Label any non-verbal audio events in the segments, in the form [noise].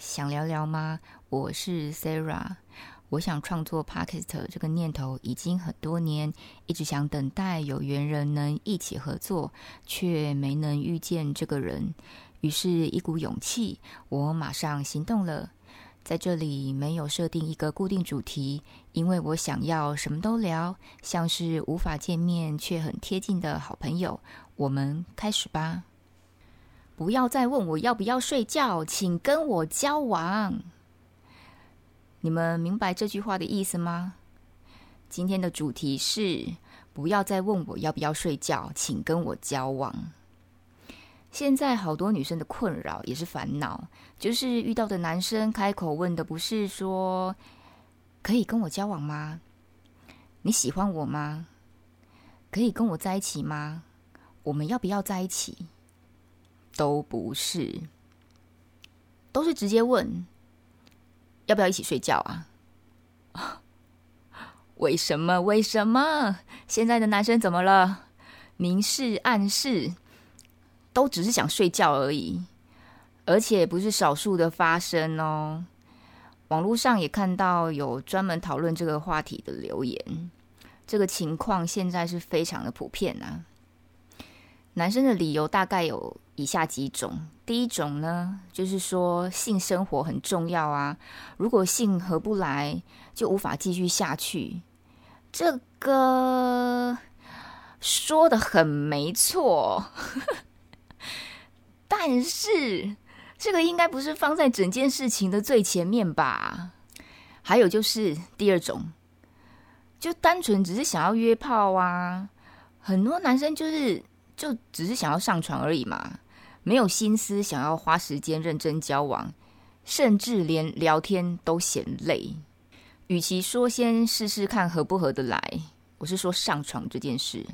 想聊聊嗎？我是 Sara。我想創作 Podcast 這個念頭已經很多年，一直想等待有緣人能一起合作，卻沒能遇見這個人。於是，一股勇氣，我馬上行動了。在這裡沒有設定一個固定主題，因為我想要什麼都聊，像是無法見面卻很貼近的好朋友。我們開始吧。不要再問我要不要睡覺，請跟我交往。你們明白這句話的意思嗎？今天的主題是不要再問我要不要睡覺，請跟我交往。現在好多女生的困擾也是煩惱，就是遇到的男生開口問的不是說可以跟我交往嗎？你喜歡我嗎？可以跟我在一起嗎？我們要不要在一起？都不是，都是直接問要不要一起睡覺啊？為什麼？為什麼？現在的男生怎麼了？明示暗示都只是想睡覺而已，而且不是少數的發生哦。網絡上也看到有專門討論這個話題的留言，這個情況現在是非常的普遍啊。男生的理由大概有以下幾種，第一種呢，就是說性生活很重要啊，如果性合不來，就無法繼續下去。這個說得很沒錯， [laughs] 但是這個應該不是放在整件事情的最前面吧？還有就是第二種，就單純只是想要約炮啊，很多男生就是就只是想要上床而已嘛。沒有心思想要花時間認真交往，甚至連聊天都嫌累。與其說先試試看合不合得來，我是說上床這件事，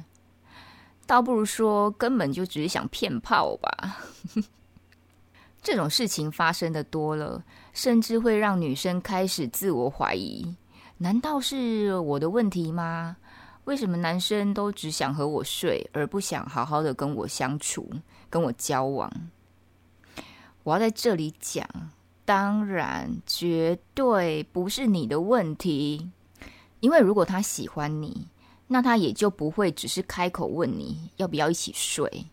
倒不如說根本就只是想騙炮吧。 [laughs] 這種事情發生的多了，甚至會讓女生開始自我懷疑：難道是我的問題嗎？為什麼男生都只想和我睡，而不想好好的跟我相處、跟我交往？我要在這裡講，當然絕對不是你的問題。因為如果他喜歡你，那他也就不會只是開口問你要不要一起睡。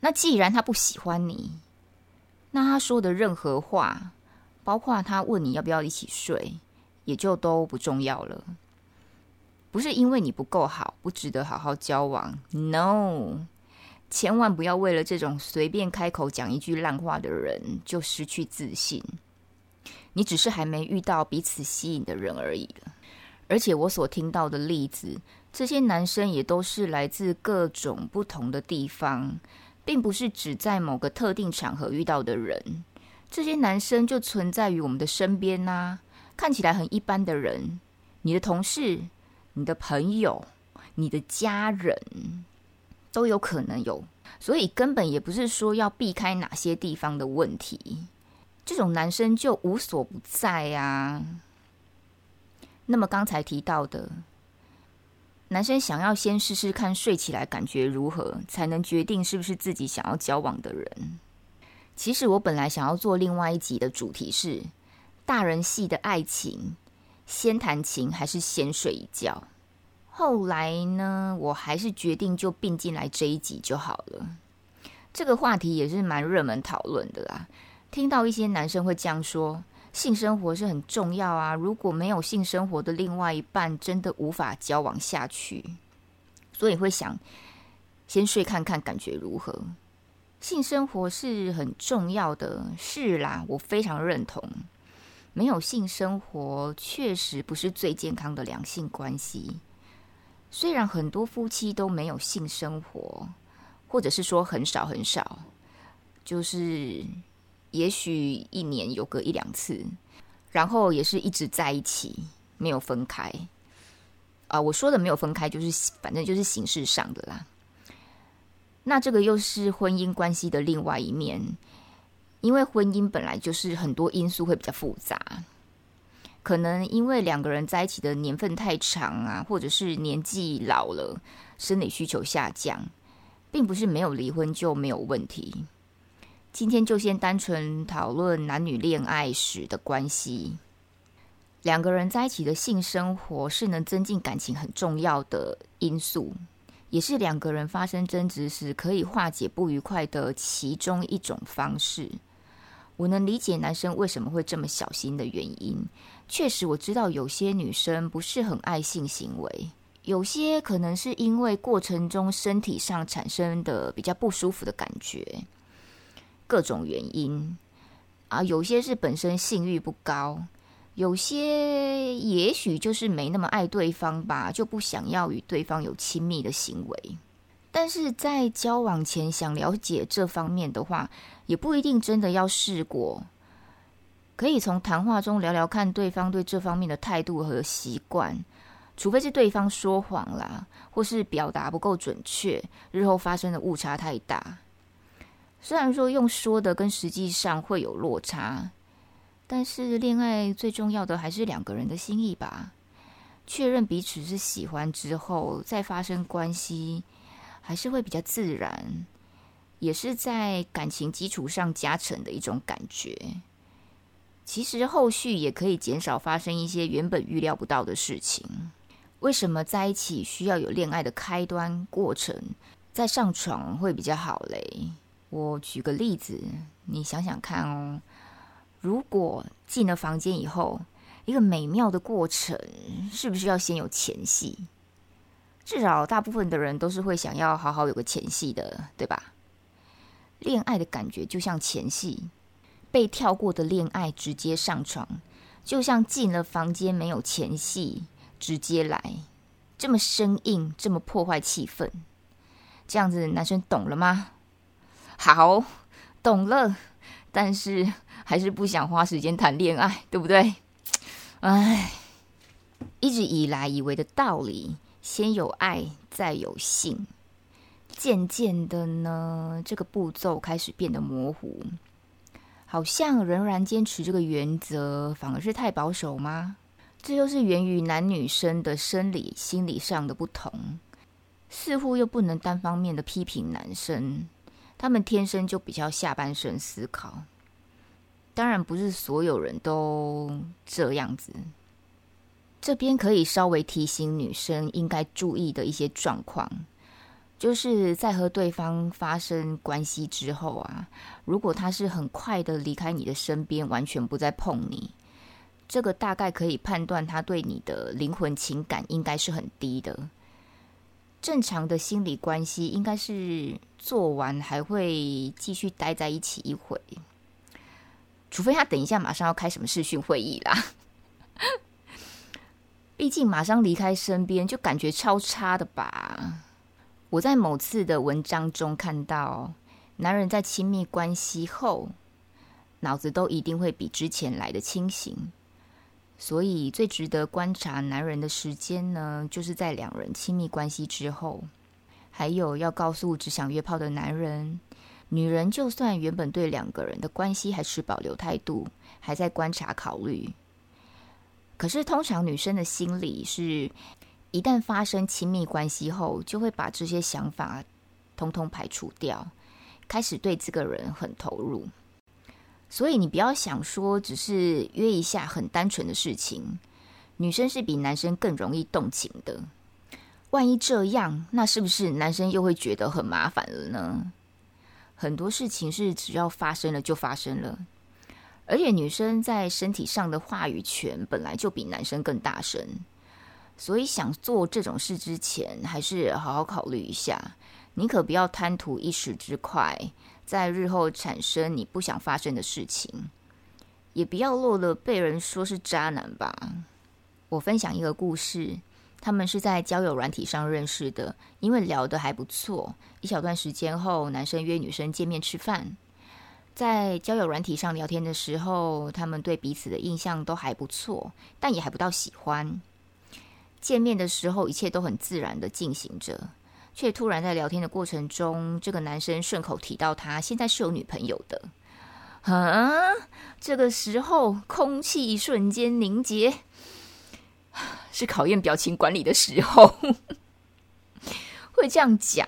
那既然他不喜歡你，那他說的任何話，包括他問你要不要一起睡，也就都不重要了。不是因為你不夠好，不值得好好交往。No，千萬不要為了這種隨便開口講一句爛話的人就失去自信。你只是還沒遇到彼此吸引的人而已。而且我所聽到的例子，這些男生也都是來自各種不同的地方，並不是只在某個特定場合遇到的人。這些男生就存在於我們的身邊吶、啊，看起來很一般的人。你的同事。你的朋友、你的家人都有可能有，所以根本也不是說要避開哪些地方的問題。這種男生就無所不在啊。那麼剛才提到的，男生想要先試試看睡起來感覺如何，才能決定是不是自己想要交往的人。其實我本來想要做另外一集的主題是大人系的愛情。先談情還是先睡一覺？後來呢？我還是決定就併進來這一集就好了。這個話題也是蠻熱門討論的啦。聽到一些男生會這樣說：性生活是很重要啊，如果沒有性生活的另外一半，真的無法交往下去。所以會想先睡看看感覺如何。性生活是很重要的事啦，我非常認同。沒有性生活確實不是最健康的兩性關係。雖然很多夫妻都沒有性生活，或者是說很少很少，就是也許一年有個一兩次，然後也是一直在一起，沒有分開。啊、呃，我說的沒有分開，就是反正就是形式上的啦。那這個又是婚姻關係的另外一面。因為婚姻本來就是很多因素會比較複雜，可能因為兩個人在一起的年份太長啊，或者是年紀老了，生理需求下降，並不是沒有離婚就沒有問題。今天就先單純討論男女戀愛時的關係，兩個人在一起的性生活是能增進感情很重要的因素，也是兩個人發生爭執時可以化解不愉快的其中一種方式。我能理解男生為什麼會這麼小心的原因。確實，我知道有些女生不是很愛性行為，有些可能是因為過程中身體上產生的比較不舒服的感覺，各種原因啊，有些是本身性欲不高，有些也許就是沒那麼愛對方吧，就不想要與對方有親密的行為。但是在交往前想了解這方面的話，也不一定真的要試過。可以從談話中聊聊看對方對這方面的態度和習慣，除非是對方說謊啦，或是表達不夠準確，日後發生的誤差太大。雖然說用說的跟實際上會有落差，但是戀愛最重要的還是兩個人的心意吧。確認彼此是喜歡之後，再發生關係。還是會比較自然，也是在感情基礎上加成的一種感覺。其實後續也可以減少發生一些原本預料不到的事情。為什麼在一起需要有戀愛的開端過程，再上床會比較好嘞？我舉個例子，你想想看哦。如果進了房間以後，一個美妙的過程，是不是要先有前戲？至少大部分的人都是會想要好好有個前戲的，對吧？戀愛的感覺就像前戲被跳過的戀愛，直接上床，就像進了房間沒有前戲直接來，這麼生硬，這麼破壞氣氛，這樣子男生懂了嗎？好，懂了，但是還是不想花時間談戀愛，對不對？唉，一直以來以為的道理，先有愛，再有性。漸漸的呢，這個步驟開始變得模糊。好像仍然堅持這個原則，反而是太保守嗎？這又是源於男女生的生理、心理上的不同。似乎又不能單方面的批評男生，他們天生就比較下半身思考。當然，不是所有人都這樣子。這邊可以稍微提醒女生應該注意的一些狀況，就是在和對方發生關係之後啊，如果他是很快的離開你的身邊，完全不再碰你，這個大概可以判斷他對你的靈魂情感應該是很低的。正常的心理關係應該是做完還會繼續待在一起一會，除非他等一下馬上要開什麼視訊會議啦。畢竟馬上離開身邊就感覺超差的吧。我在某次的文章中看到，男人在親密關係後，腦子都一定會比之前來得清醒。所以最值得觀察男人的時間呢，就是在兩人親密關係之後。還有要告訴只想約炮的男人，女人就算原本對兩個人的關係還持保留態度，還在觀察考慮。可是，通常女生的心理是，一旦發生親密關係後，就會把這些想法通通排除掉，開始對這個人很投入。所以，你不要想說只是約一下很單純的事情，女生是比男生更容易動情的。萬一這樣，那是不是男生又會覺得很麻煩了呢？很多事情是只要發生了就發生了。而且女生在身體上的話語權本來就比男生更大聲，所以想做這種事之前，還是好好考慮一下。你可不要貪圖一時之快，在日後產生你不想發生的事情，也不要落了被人說是渣男吧。我分享一個故事，他們是在交友軟體上認識的，因為聊得還不錯，一小段時間後，男生約女生見面吃飯。在交友軟體上聊天的時候，他們對彼此的印象都還不錯，但也還不到喜歡。見面的時候，一切都很自然地進行着，卻突然在聊天的過程中，這個男生順口提到他現在是有女朋友的。啊？這個時候空氣瞬間凝結，是考驗表情管理的時候。 [laughs] 會這樣講，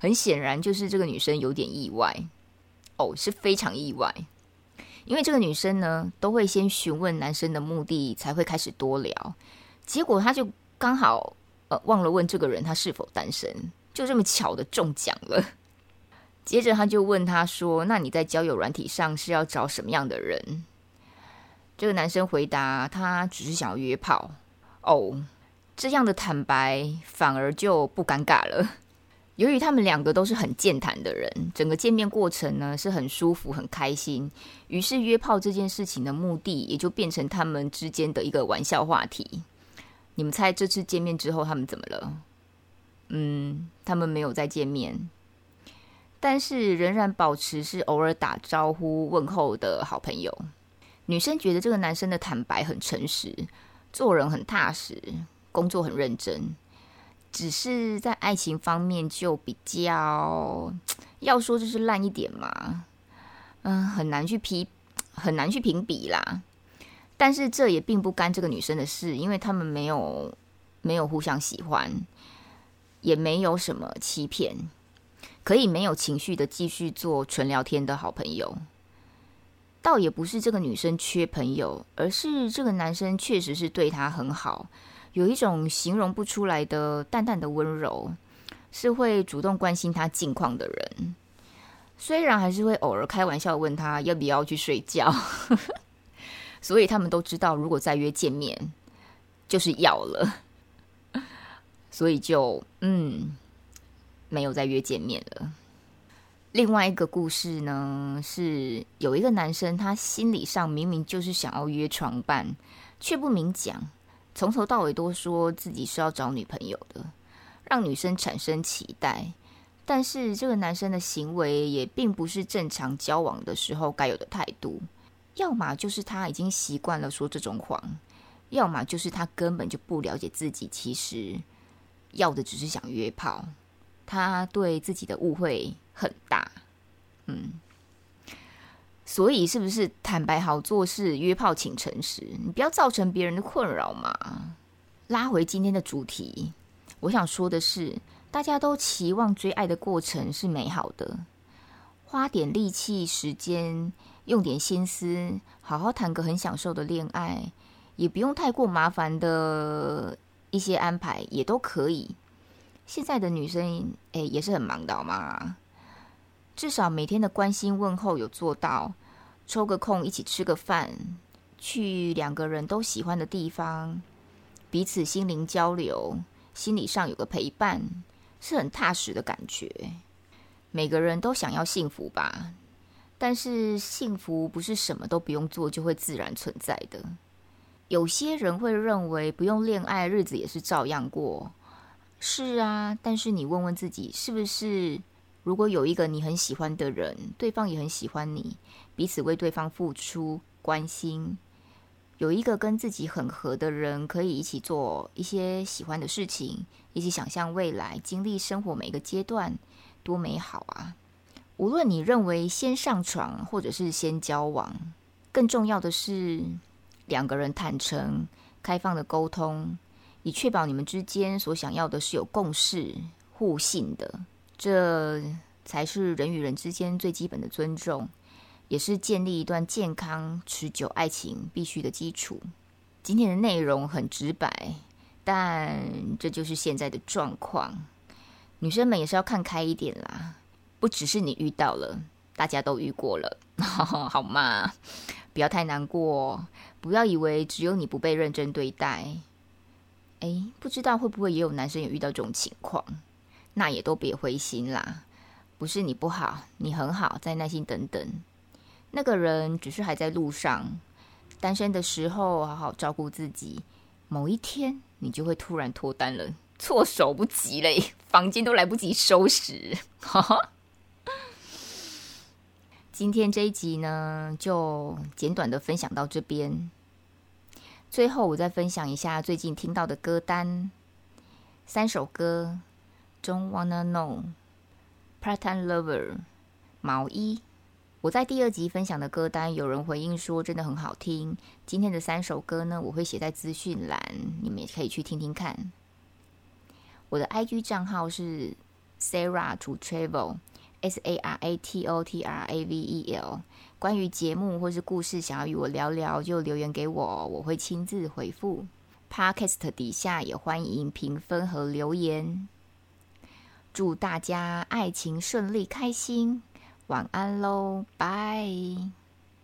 很顯然就是這個女生有點意外。哦，是非常意外，因為這個女生呢，都會先詢問男生的目的，才會開始多聊。結果她就剛好呃忘了問這個人他是否單身，就這麼巧的中獎了。接着她就問他說：“那你在交友軟體上是要找什麼樣的人？”這個男生回答：“他只是想要約炮。”哦，這樣的坦白反而就不尷尬了。由於他們兩個都是很健談的人，整個見面過程呢是很舒服、很開心。於是約炮這件事情的目的也就變成他們之間的一個玩笑話題。你們猜這次見面之後他們怎麼了？嗯，他們沒有再見面，但是仍然保持是偶爾打招呼問候的好朋友。女生覺得這個男生的坦白很誠實，做人很踏實，工作很認真。只是在愛情方面就比較，要說就是爛一點嘛，嗯，很難去批，很難去評比啦。但是這也並不干這個女生的事，因為他們沒有沒有互相喜歡，也沒有什麼欺騙，可以沒有情緒的繼續做純聊天的好朋友。倒也不是這個女生缺朋友，而是這個男生確實是對她很好。有一種形容不出來的淡淡的溫柔，是會主動關心他近況的人，雖然還是會偶爾開玩笑問他要不要去睡覺， [laughs] 所以他們都知道，如果再約見面，就是要了，所以就嗯，沒有再約見面了。另外一個故事呢，是有一個男生，他心理上明明就是想要約床伴，卻不明講。從頭到尾都說自己是要找女朋友的，讓女生產生期待，但是這個男生的行為也並不是正常交往的時候該有的態度，要麼就是他已經習慣了說這種謊，要麼就是他根本就不了解自己，其實要的只是想約炮，他對自己的誤會很大，嗯。所以，是不是坦白好做事？約炮，請誠實，你不要造成別人的困擾嘛。拉回今天的主題，我想說的是，大家都期望追愛的過程是美好的，花點力氣、時間，用點心思，好好談個很享受的戀愛，也不用太過麻煩的一些安排，也都可以。現在的女生，哎、欸，也是很忙的嘛。好嗎？至少每天的關心問候有做到，抽個空一起吃個飯，去兩個人都喜歡的地方，彼此心靈交流，心理上有個陪伴，是很踏實的感覺。每個人都想要幸福吧？但是幸福不是什麼都不用做就會自然存在的。有些人會認為不用戀愛，日子也是照樣過。是啊，但是你問問自己，是不是？如果有一個你很喜歡的人，對方也很喜歡你，彼此為對方付出、關心，有一個跟自己很合的人，可以一起做一些喜歡的事情，一起想象未來，經歷生活每個階段，多美好啊！無論你認為先上床或者是先交往，更重要的是兩個人坦誠、開放的溝通，以確保你們之間所想要的是有共識、互信的。這才是人與人之間最基本的尊重，也是建立一段健康持久愛情必須的基礎。今天的內容很直白，但這就是現在的狀況。女生們也是要看開一點啦，不只是你遇到了，大家都遇過了， [laughs] 好嗎？不要太難過哦，不要以為只有你不被認真對待。哎，不知道會不會也有男生也遇到這種情況。那也都別灰心啦，不是你不好，你很好，再耐心等等。那個人只是還在路上。單身的時候，好好照顧自己。某一天，你就會突然脫單了，措手不及嘞，房間都來不及收拾。 [laughs] 今天這一集呢，就簡短的分享到這邊。最後，我再分享一下最近聽到的歌單，三首歌。Don't wanna know, Part Time Lover，毛衣。我在第二集分享的歌單，有人回應說真的很好聽。今天的三首歌呢，我會寫在資訊欄，你們也可以去聽聽看。我的 IG 賬號是 saratotravel, S A R A T O T R A V E L。關於節目或是故事，想要與我聊聊，就留言給我，我會親自回復。Podcast 底下也歡迎評分和留言。祝大家愛情順利、開心，晚安嘍，拜拜。